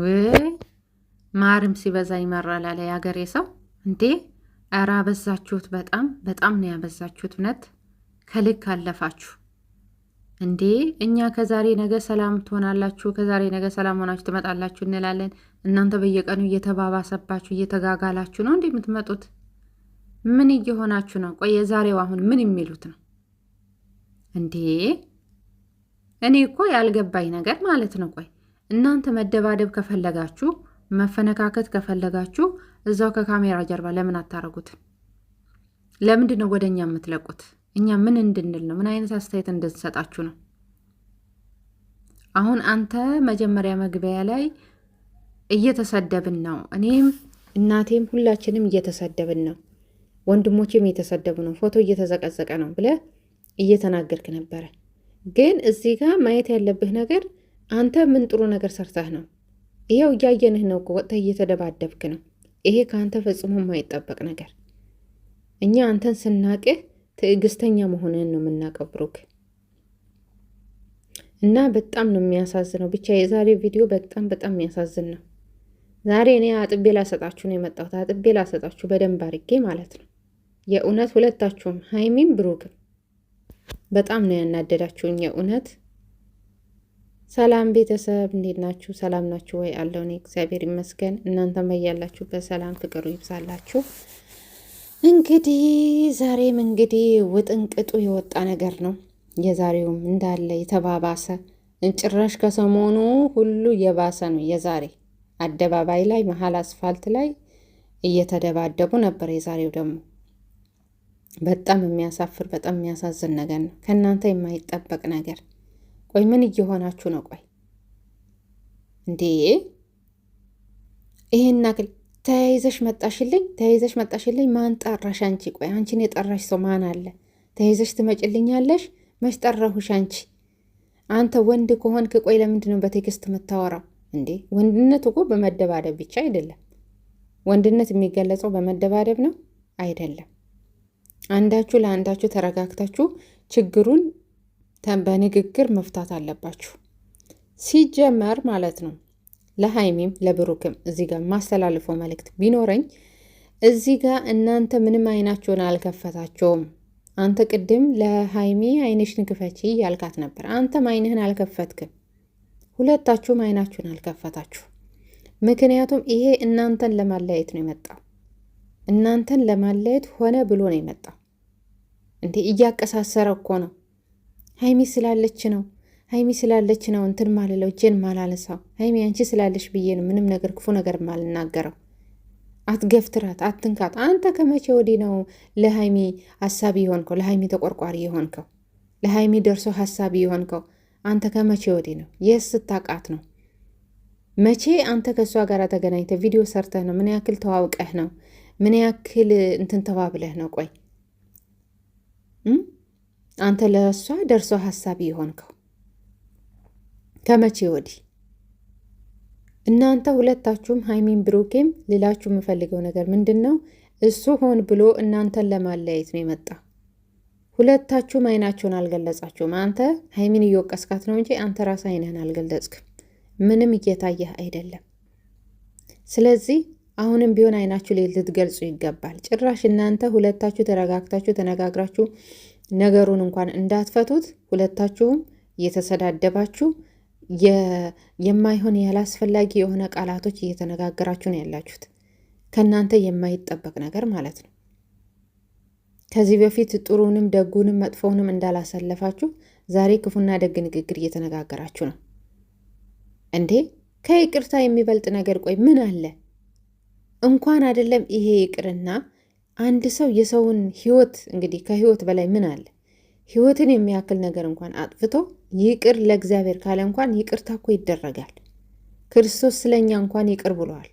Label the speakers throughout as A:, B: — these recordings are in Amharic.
A: ወይ ማርም ሲበዛ ይመራል አለ የአገሬ ሰው። እንዴ ኧረ አበዛችሁት፣ በጣም በጣም ነው ያበዛችሁት። እውነት ከልክ አለፋችሁ እንዴ። እኛ ከዛሬ ነገ ሰላም ትሆናላችሁ፣ ከዛሬ ነገ ሰላም ሆናችሁ ትመጣላችሁ እንላለን። እናንተ በየቀኑ እየተባባሰባችሁ እየተጋጋላችሁ ነው እንዴ የምትመጡት? ምን እየሆናችሁ ነው? ቆይ የዛሬው አሁን ምን የሚሉት ነው እንዴ? እኔ እኮ ያልገባኝ ነገር ማለት ነው። ቆይ እናንተ መደባደብ ከፈለጋችሁ መፈነካከት ከፈለጋችሁ እዛው ከካሜራ ጀርባ ለምን አታረጉት? ለምንድን ነው ወደ እኛ የምትለቁት? እኛ ምን እንድንል ነው? ምን አይነት አስተያየት እንድንሰጣችሁ ነው? አሁን አንተ መጀመሪያ መግቢያ ላይ እየተሰደብን ነው፣ እኔም እናቴም ሁላችንም እየተሰደብን ነው፣ ወንድሞችም እየተሰደቡ ነው፣ ፎቶ እየተዘቀዘቀ ነው ብለህ እየተናገርክ ነበረ። ግን እዚህ ጋር ማየት ያለብህ ነገር አንተ ምን ጥሩ ነገር ሰርተህ ነው? ይኸው እያየንህ ነው። ወጥተህ እየተደባደብክ ነው። ይሄ ከአንተ ፈጽሞ የማይጠበቅ ነገር። እኛ አንተን ስናቅህ ትዕግስተኛ መሆንህን ነው የምናውቀው ብሩክ እና በጣም ነው የሚያሳዝነው። ብቻ የዛሬ ቪዲዮ በጣም በጣም የሚያሳዝን ነው። ዛሬ እኔ አጥቤ ላሰጣችሁ ነው የመጣሁት። አጥቤ ላሰጣችሁ በደንብ አድርጌ ማለት ነው። የእውነት ሁለታችሁም ሀይሚም ብሩክም በጣም ነው ያናደዳችሁኝ የእውነት ሰላም ቤተሰብ እንዴት ናችሁ? ሰላም ናችሁ ወይ? አለው እኔ እግዚአብሔር ይመስገን። እናንተም በያላችሁበት በሰላም ፍቅሩ ይብዛላችሁ። እንግዲህ ዛሬም እንግዲህ ውጥንቅጡ የወጣ ነገር ነው። የዛሬውም እንዳለ የተባባሰ ጭራሽ ከሰሞኑ ሁሉ የባሰ ነው። የዛሬ አደባባይ ላይ መሀል አስፋልት ላይ እየተደባደቡ ነበር። የዛሬው ደግሞ በጣም የሚያሳፍር በጣም የሚያሳዝን ነገር ነው። ከእናንተ የማይጠበቅ ነገር ቆይ ምን እየሆናችሁ ነው? ቆይ እንዴ ይሄን አክል ተያይዘሽ መጣሽልኝ፣ ተያይዘሽ መጣሽልኝ። ማን ጠራሽ አንቺ? ቆይ አንቺን የጠራሽ ሰው ማን አለ? ተያይዘሽ ትመጭልኛለሽ? መች ጠራሁሽ አንቺ? አንተ ወንድ ከሆንክ ቆይ ለምንድን ነው በቴክስት የምታወራው እንዴ? ወንድነት እኮ በመደባደብ ብቻ አይደለም። ወንድነት የሚገለጸው በመደባደብ ነው አይደለም። አንዳችሁ ለአንዳችሁ ተረጋግታችሁ ችግሩን በንግግር መፍታት አለባችሁ። ሲጀመር ማለት ነው ለሀይሚም ለብሩክም እዚህ ጋር ማስተላልፎ መልእክት ቢኖረኝ እዚህ ጋር እናንተ ምንም አይናችሁን አልከፈታቸውም። አንተ ቅድም ለሀይሚ አይንሽን ክፈቺ ያልካት ነበር። አንተም አይንህን አልከፈትክም። ሁለታችሁም አይናችሁን አልከፈታችሁ። ምክንያቱም ይሄ እናንተን ለማለያየት ነው የመጣው። እናንተን ለማለያየት ሆነ ብሎ ነው የመጣው። እንዲህ እያቀሳሰረ እኮ ነው ሀይሚ ስላለች ነው ሀይሚ ስላለች ነው እንትን ማልለው እጄን ማላለሳው ሀይሚ አንቺ ስላለሽ ብዬ ነው ምንም ነገር ክፉ ነገር ማልናገረው። አትገፍትራት፣ አትንካት። አንተ ከመቼ ወዲህ ነው ለሀይሚ ሀሳቢ የሆንከው? ለሀይሚ ተቆርቋሪ የሆንከው? ለሀይሚ ደርሶ ሀሳቢ የሆንከው አንተ ከመቼ ወዲህ ነው? የስ ስታቃት ነው መቼ አንተ ከእሷ ጋር ተገናኝተ ቪዲዮ ሰርተህ ነው? ምን ያክል ተዋውቀህ ነው? ምን ያክል እንትን ተባብለህ ነው? ቆይ አንተ ለእሷ ደርሶ ሀሳቢ የሆንከው ከመቼ ወዲህ? እናንተ ሁለታችሁም ሀይሚን ብሩኬም ልላችሁ የምፈልገው ነገር ምንድን ነው? እሱ ሆን ብሎ እናንተን ለማለያየት ነው የመጣ። ሁለታችሁም አይናቸውን አልገለጻችሁም። አንተ ሀይሚን እየወቀስካት ነው እንጂ አንተ ራስ አይንህን አልገለጽክም። ምንም እየታየህ አይደለም። ስለዚህ አሁንም ቢሆን አይናችሁ ላይ ልትገልጹ ይገባል። ጭራሽ እናንተ ሁለታችሁ ተረጋግታችሁ ተነጋግራችሁ ነገሩን እንኳን እንዳትፈቱት ሁለታችሁም እየተሰዳደባችሁ የማይሆን ያላስፈላጊ የሆነ ቃላቶች እየተነጋገራችሁ ነው ያላችሁት። ከእናንተ የማይጠበቅ ነገር ማለት ነው። ከዚህ በፊት ጥሩንም ደጉንም መጥፎውንም እንዳላሳለፋችሁ ዛሬ ክፉና ደግ ንግግር እየተነጋገራችሁ ነው እንዴ! ከይቅርታ የሚበልጥ ነገር ቆይ ምን አለ? እንኳን አይደለም ይሄ ይቅርና አንድ ሰው የሰውን ህይወት እንግዲህ ከህይወት በላይ ምን አለ? ህይወትን የሚያክል ነገር እንኳን አጥፍቶ ይቅር ለእግዚአብሔር ካለ እንኳን ይቅርታ እኮ ይደረጋል። ክርስቶስ ስለኛ እንኳን ይቅር ብሏል።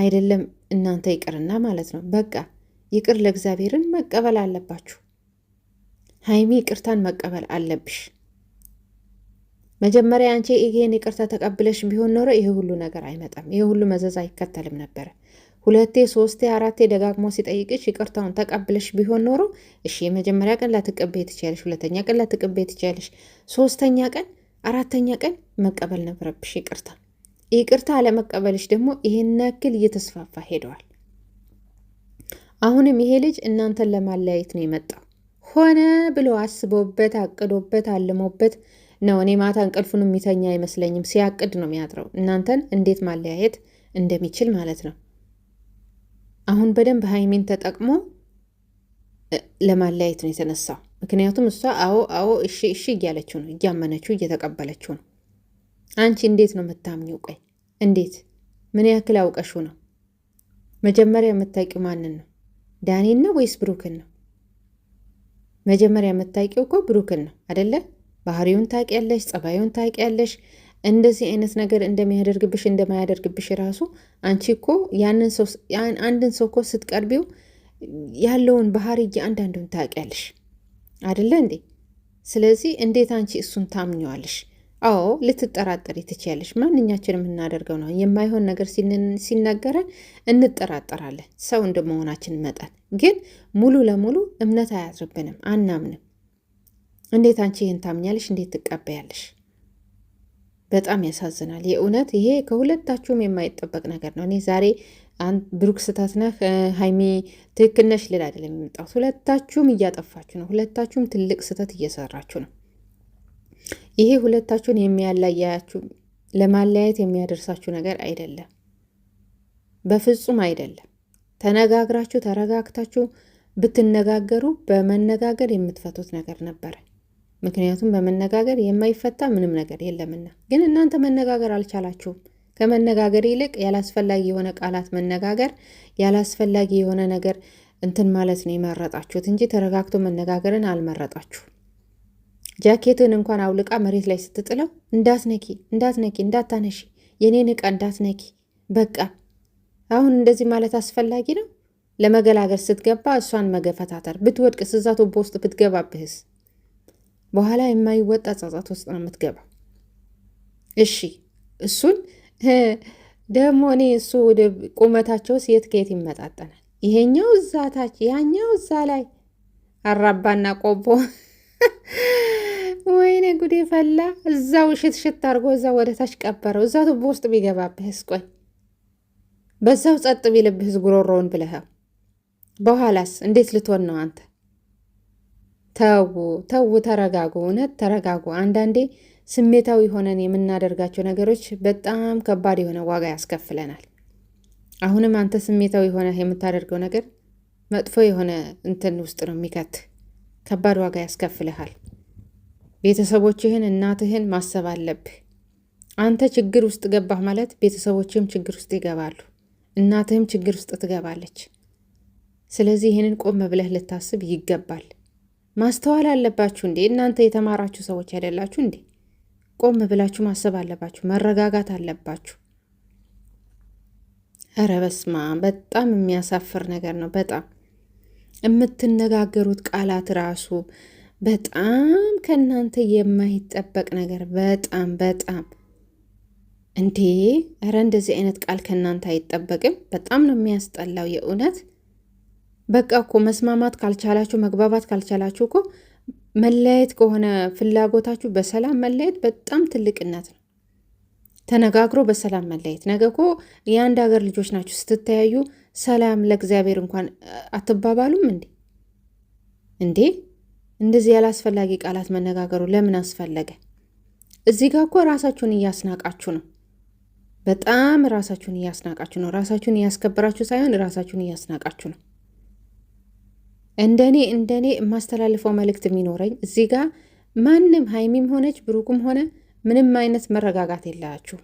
A: አይደለም እናንተ ይቅርና ማለት ነው። በቃ ይቅር ለእግዚአብሔርን መቀበል አለባችሁ። ሀይሚ ይቅርታን መቀበል አለብሽ። መጀመሪያ አንቺ ይሄን ይቅርታ ተቀብለሽ ቢሆን ኖሮ ይሄ ሁሉ ነገር አይመጣም፣ ይሄ ሁሉ መዘዝ አይከተልም ነበረ። ሁለቴ ሶስቴ አራቴ ደጋግሞ ሲጠይቅሽ ይቅርታውን ተቀብለሽ ቢሆን ኖሮ እሺ፣ የመጀመሪያ ቀን ላትቀበይ ትችያለሽ፣ ሁለተኛ ቀን ላትቀበይ ትችያለሽ፣ ሶስተኛ ቀን አራተኛ ቀን መቀበል ነበረብሽ ይቅርታ። ይቅርታ አለመቀበልሽ ደግሞ ይህን ያክል እየተስፋፋ ሄደዋል። አሁንም ይሄ ልጅ እናንተን ለማለያየት ነው የመጣው። ሆነ ብሎ አስቦበት አቅዶበት አልሞበት ነው። እኔ ማታ እንቅልፉን የሚተኛ አይመስለኝም። ሲያቅድ ነው የሚያጥረው እናንተን እንዴት ማለያየት እንደሚችል ማለት ነው። አሁን በደንብ ሀይሚን ተጠቅሞ ለማለያየት ነው የተነሳው። ምክንያቱም እሷ አዎ አዎ እሺ እሺ እያለችው ነው፣ እያመነችው እየተቀበለችው ነው። አንቺ እንዴት ነው የምታምኚው? ቆይ እንዴት ምን ያክል አውቀሹ ነው? መጀመሪያ የምታውቂው ማንን ነው? ዳኒን ነው ወይስ ብሩክን ነው? መጀመሪያ የምታውቂው እኮ ብሩክን ነው አደለ? ባህሪውን ታውቂያለሽ፣ ጸባዩን ታውቂያለሽ፣ እንደዚህ አይነት ነገር እንደሚያደርግብሽ እንደማያደርግብሽ ራሱ አንቺ እኮ አንድን ሰው እኮ ስትቀርቢው ያለውን ባህሪ እያንዳንዱን ታውቂያለሽ አደለ እንዴ? ስለዚህ እንዴት አንቺ እሱን ታምኘዋለሽ? አዎ ልትጠራጠሪ ትችያለሽ። ማንኛችን የምናደርገው ነው። የማይሆን ነገር ሲነገረን እንጠራጠራለን፣ ሰው እንደመሆናችን መጠን። ግን ሙሉ ለሙሉ እምነት አያድርብንም፣ አናምንም። እንዴት አንቺ ይህን ታምኛለሽ? እንዴት ትቀበያለሽ? በጣም ያሳዝናል። የእውነት ይሄ ከሁለታችሁም የማይጠበቅ ነገር ነው። እኔ ዛሬ ብሩክ ስህተት ነህ ሀይሚ ትክክል ነሽ ልል አይደለም የመጣሁት። ሁለታችሁም እያጠፋችሁ ነው። ሁለታችሁም ትልቅ ስህተት እየሰራችሁ ነው። ይሄ ሁለታችሁን የሚያለያያችሁ ለማለያየት የሚያደርሳችሁ ነገር አይደለም፣ በፍጹም አይደለም። ተነጋግራችሁ ተረጋግታችሁ ብትነጋገሩ በመነጋገር የምትፈቱት ነገር ነበረ። ምክንያቱም በመነጋገር የማይፈታ ምንም ነገር የለምና። ግን እናንተ መነጋገር አልቻላችሁም። ከመነጋገር ይልቅ ያላስፈላጊ የሆነ ቃላት መነጋገር፣ ያላስፈላጊ የሆነ ነገር እንትን ማለት ነው የመረጣችሁት እንጂ ተረጋግቶ መነጋገርን አልመረጣችሁ። ጃኬትን እንኳን አውልቃ መሬት ላይ ስትጥለው እንዳትነኪ እንዳትነኪ እንዳታነሺ የኔን እቃ እንዳትነኪ በቃ አሁን እንደዚህ ማለት አስፈላጊ ነው? ለመገላገል ስትገባ እሷን መገፈታተር ብትወድቅስ እዛ በውስጥ ውስጥ ብትገባብህስ? በኋላ የማይወጣ ጻጻት ውስጥ ነው የምትገባው። እሺ እሱን ደግሞ እኔ እሱ ወደ ቁመታቸው የት ከየት ይመጣጠናል? ይሄኛው እዛ ታች፣ ያኛው እዛ ላይ አራባና ቆቦ ወይኔ ጉዴ ፈላ። እዛው ሽት ሽት አድርጎ እዛ ወደ ታች ቀበረው። እዛ ቱቦ ውስጥ ቢገባብህ ቆይ በዛው ጸጥ ቢልብህ ጉሮሮውን ብለኸው በኋላስ እንዴት ልትሆን ነው አንተ? ተዉ ተዉ፣ ተረጋጉ። እውነት ተረጋጉ። አንዳንዴ ስሜታዊ ሆነን የምናደርጋቸው ነገሮች በጣም ከባድ የሆነ ዋጋ ያስከፍለናል። አሁንም አንተ ስሜታዊ ሆነ የምታደርገው ነገር መጥፎ የሆነ እንትን ውስጥ ነው የሚከት ከባድ ዋጋ ያስከፍልሃል። ቤተሰቦችህን፣ እናትህን ማሰብ አለብህ። አንተ ችግር ውስጥ ገባህ ማለት ቤተሰቦችህም ችግር ውስጥ ይገባሉ፣ እናትህም ችግር ውስጥ ትገባለች። ስለዚህ ይህንን ቆም ብለህ ልታስብ ይገባል። ማስተዋል አለባችሁ እንዴ እናንተ የተማራችሁ ሰዎች አይደላችሁ እንዴ? ቆም ብላችሁ ማሰብ አለባችሁ። መረጋጋት አለባችሁ። እረ በስማ በጣም የሚያሳፍር ነገር ነው። በጣም የምትነጋገሩት ቃላት ራሱ በጣም ከእናንተ የማይጠበቅ ነገር በጣም በጣም እንዴ! እረ እንደዚህ አይነት ቃል ከእናንተ አይጠበቅም። በጣም ነው የሚያስጠላው የእውነት በቃ እኮ መስማማት ካልቻላችሁ መግባባት ካልቻላችሁ እኮ መለያየት ከሆነ ፍላጎታችሁ በሰላም መለየት በጣም ትልቅነት ነው። ተነጋግሮ በሰላም መለየት። ነገ እኮ የአንድ ሀገር ልጆች ናችሁ። ስትተያዩ ሰላም ለእግዚአብሔር እንኳን አትባባሉም እንዴ? እንዴ እንደዚህ ያላስፈላጊ ቃላት መነጋገሩ ለምን አስፈለገ? እዚህ ጋር እኮ ራሳችሁን እያስናቃችሁ ነው። በጣም ራሳችሁን እያስናቃችሁ ነው። ራሳችሁን እያስከበራችሁ ሳይሆን ራሳችሁን እያስናቃችሁ ነው። እንደኔ እንደኔ የማስተላልፈው መልእክት የሚኖረኝ እዚህ ጋር ማንም ሀይሚም ሆነች ብሩክም ሆነ ምንም አይነት መረጋጋት የላችሁ፣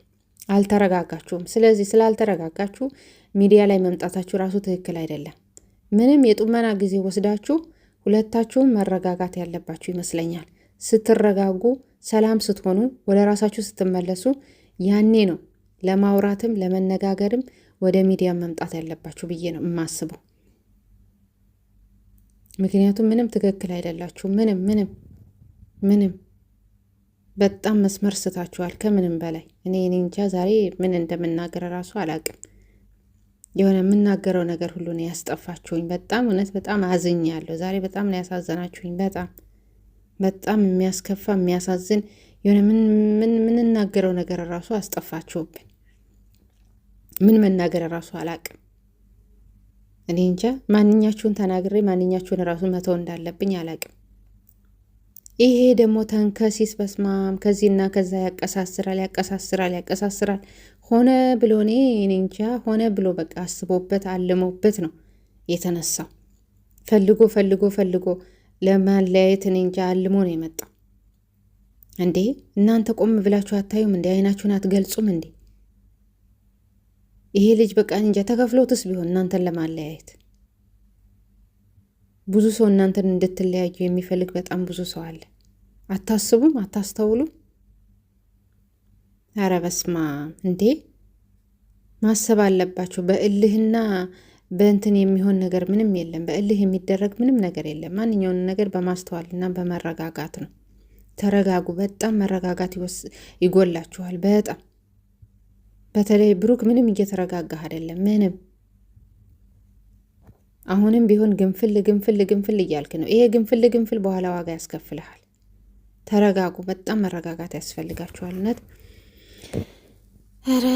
A: አልተረጋጋችሁም። ስለዚህ ስላልተረጋጋችሁ ሚዲያ ላይ መምጣታችሁ ራሱ ትክክል አይደለም። ምንም የጡመና ጊዜ ወስዳችሁ ሁለታችሁም መረጋጋት ያለባችሁ ይመስለኛል። ስትረጋጉ፣ ሰላም ስትሆኑ፣ ወደ ራሳችሁ ስትመለሱ ያኔ ነው ለማውራትም ለመነጋገርም ወደ ሚዲያ መምጣት ያለባችሁ ብዬ ነው የማስበው። ምክንያቱም ምንም ትክክል አይደላችሁ። ምንም ምንም ምንም በጣም መስመር ስታችኋል። ከምንም በላይ እኔ እኔ እንጃ ዛሬ ምን እንደምናገር ራሱ አላቅም። የሆነ የምናገረው ነገር ሁሉ ነው ያስጠፋችሁኝ። በጣም እውነት በጣም አዝኛለሁ። ዛሬ በጣም ነው ያሳዘናችሁኝ። በጣም በጣም የሚያስከፋ የሚያሳዝን የሆነ ምንናገረው ነገር ራሱ አስጠፋችሁብን። ምን መናገር ራሱ አላቅም። እኔ እንጃ ማንኛችሁን ተናግሬ ማንኛችሁን ራሱ መተው እንዳለብኝ አላቅም። ይሄ ደግሞ ተንከሲስ በስማም ከዚህና ከዛ ያቀሳስራል ያቀሳስራል ያቀሳስራል። ሆነ ብሎ እኔ እኔ እንጃ ሆነ ብሎ በቃ አስቦበት አልሞበት ነው የተነሳው። ፈልጎ ፈልጎ ፈልጎ ለማለያየት እኔ እንጃ አልሞ ነው የመጣው። እንዴ እናንተ ቆም ብላችሁ አታዩም እንዴ? አይናችሁን አትገልጹም እንዴ? ይሄ ልጅ በቃ እንጃ ተከፍሎትስ ቢሆን እናንተን ለማለያየት ብዙ ሰው እናንተን እንድትለያዩ የሚፈልግ በጣም ብዙ ሰው አለ። አታስቡም? አታስተውሉም? ኧረ እንዴ! ማሰብ አለባቸው በእልህና በእንትን የሚሆን ነገር ምንም የለም። በእልህ የሚደረግ ምንም ነገር የለም። ማንኛውን ነገር በማስተዋልና በመረጋጋት ነው። ተረጋጉ። በጣም መረጋጋት ይጎላችኋል። በጣም በተለይ ብሩክ ምንም እየተረጋጋህ አይደለም። ምንም አሁንም ቢሆን ግንፍል ግንፍል ግንፍል እያልክ ነው። ይሄ ግንፍል ግንፍል በኋላ ዋጋ ያስከፍልሃል። ተረጋጉ። በጣም መረጋጋት ያስፈልጋችኋል። እውነት ኧረ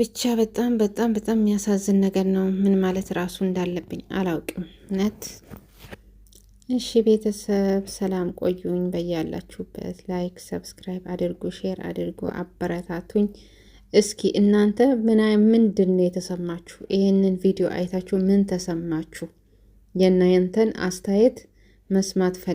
A: ብቻ በጣም በጣም በጣም የሚያሳዝን ነገር ነው። ምን ማለት ራሱ እንዳለብኝ አላውቅም። እውነት እሺ ቤተሰብ ሰላም ቆዩኝ። በያላችሁበት ላይክ፣ ሰብስክራይብ አድርጉ፣ ሼር አድርጉ፣ አበረታቱኝ። እስኪ እናንተ ምን ምንድን ነው የተሰማችሁ? ይህንን ቪዲዮ አይታችሁ ምን ተሰማችሁ? የእናንተን አስተያየት መስማት